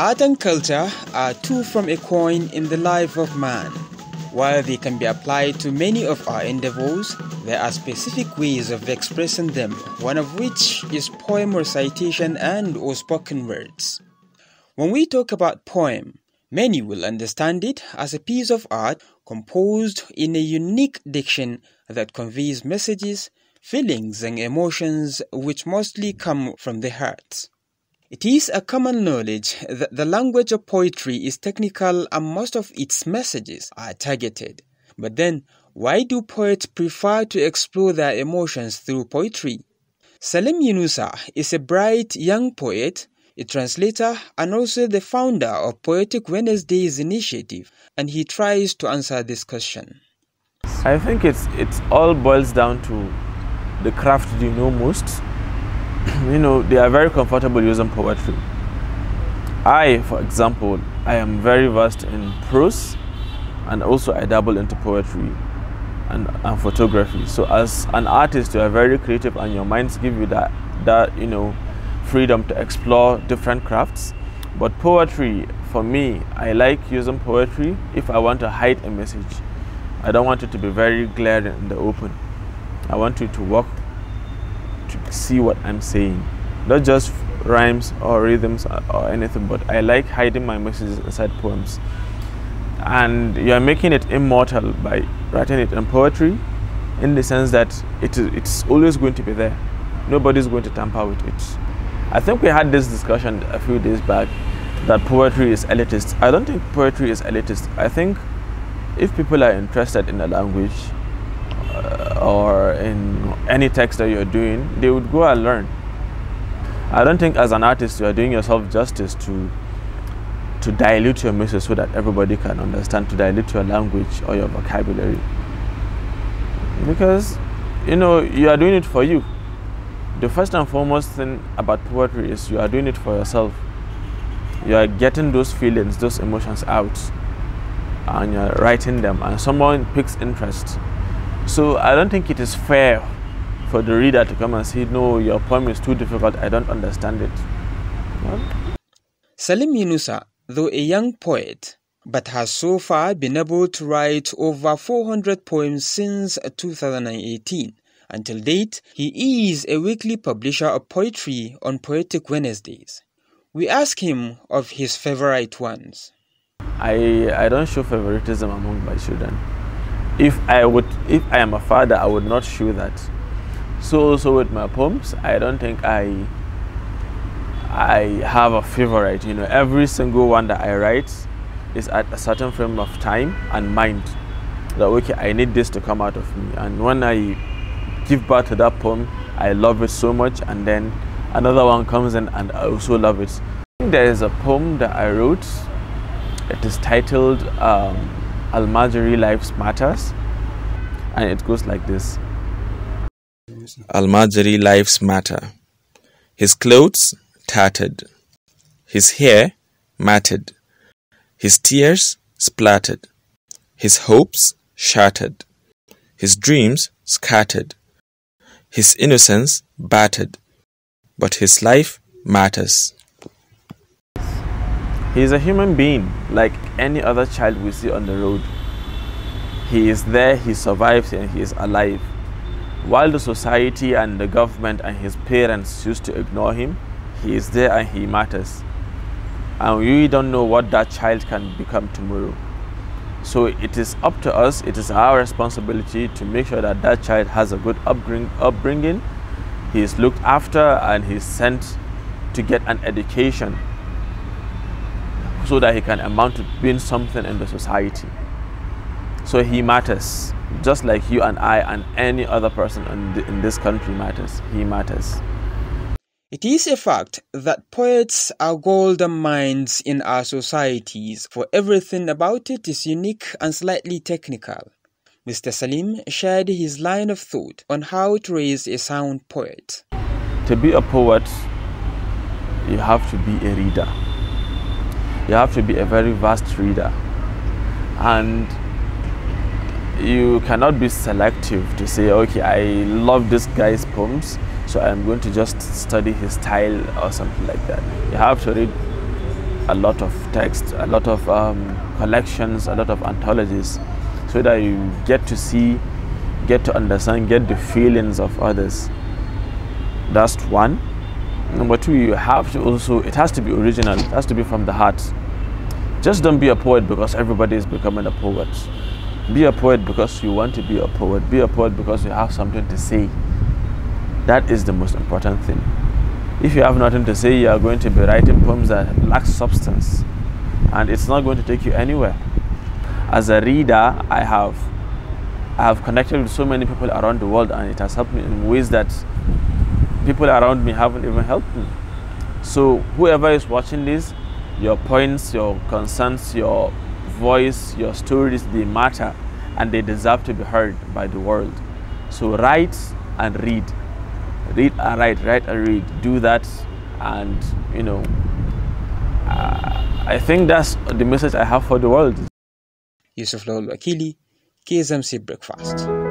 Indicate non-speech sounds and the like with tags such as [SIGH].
Art and culture are two from a coin in the life of man. While they can be applied to many of our endeavors, there are specific ways of expressing them, one of which is poem recitation and or spoken words. When we talk about poem, many will understand it as a piece of art composed in a unique diction that conveys messages, feelings and emotions which mostly come from the heart. It is a common knowledge that the language of poetry is technical and most of its messages are targeted. But then, why do poets prefer to explore their emotions through poetry? Salim Yunusa is a bright young poet, a translator, and also the founder of Poetic Wednesdays initiative, and he tries to answer this question. I think it's it all boils down to the craft you know most [CLEARS THROAT] you know, they are very comfortable using poetry. I, for example, I am very versed in prose and also I dabble into poetry and, and photography. So as an artist, you are very creative and your minds give you that, that, you know, freedom to explore different crafts. But poetry, for me, I like using poetry if I want to hide a message. I don't want it to be very glaring in the open. I want you to walk see what I'm saying. Not just rhymes or rhythms or anything, but I like hiding my messages inside poems. And you are making it immortal by writing it in poetry in the sense that it is, it's always going to be there. Nobody's going to tamper with it. I think we had this discussion a few days back that poetry is elitist. I don't think poetry is elitist. I think if people are interested in a language, uh, or in any text that you're doing, they would go and learn. I don't think as an artist you are doing yourself justice to to dilute your message so that everybody can understand, to dilute your language or your vocabulary. Because you know you are doing it for you. The first and foremost thing about poetry is you are doing it for yourself. You are getting those feelings, those emotions out, and you're writing them, and someone picks interest so I don't think it is fair for the reader to come and say, no, your poem is too difficult, I don't understand it. Salim Yunusa, though a young poet, but has so far been able to write over 400 poems since 2018. Until date, he is a weekly publisher of poetry on Poetic Wednesdays. We ask him of his favorite ones. I, I don't show favoritism among my children if I would, if I am a father, I would not show that. So also with my poems, I don't think I, I have a favorite. You know, every single one that I write is at a certain frame of time and mind. That okay, I need this to come out of me, and when I give birth to that poem, I love it so much, and then another one comes in and I also love it. There is a poem that I wrote. It is titled um, Almajiri Lives Matters. And it goes like this Almajiri Lives Matter. His clothes tattered, his hair matted, his tears splattered, his hopes shattered, his dreams scattered, his innocence battered, but his life matters. He is a human being like any other child we see on the road. He is there, he survives, and he is alive. While the society and the government and his parents used to ignore him, he is there and he matters. And we don't know what that child can become tomorrow. So it is up to us, it is our responsibility to make sure that that child has a good upbringing, he is looked after, and he is sent to get an education so that he can amount to being something in the society. So he matters, just like you and I and any other person in, the, in this country matters. He matters. It is a fact that poets are golden minds in our societies, for everything about it is unique and slightly technical. Mr. Salim shared his line of thought on how to raise a sound poet. To be a poet, you have to be a reader you have to be a very vast reader and you cannot be selective to say okay i love this guy's poems so i'm going to just study his style or something like that you have to read a lot of text a lot of um, collections a lot of anthologies so that you get to see get to understand get the feelings of others that's one Number two, you have to also, it has to be original, it has to be from the heart. Just don't be a poet because everybody is becoming a poet. Be a poet because you want to be a poet. Be a poet because you have something to say. That is the most important thing. If you have nothing to say, you are going to be writing poems that lack substance and it's not going to take you anywhere. As a reader, I have I have connected with so many people around the world and it has helped me in ways that people around me haven't even helped me. So whoever is watching this, your points, your concerns, your voice, your stories, they matter and they deserve to be heard by the world. So write and read. Read and write, write and read. Do that and, you know, uh, I think that's the message I have for the world. Yusuf Lawal Akili, KSMC Breakfast.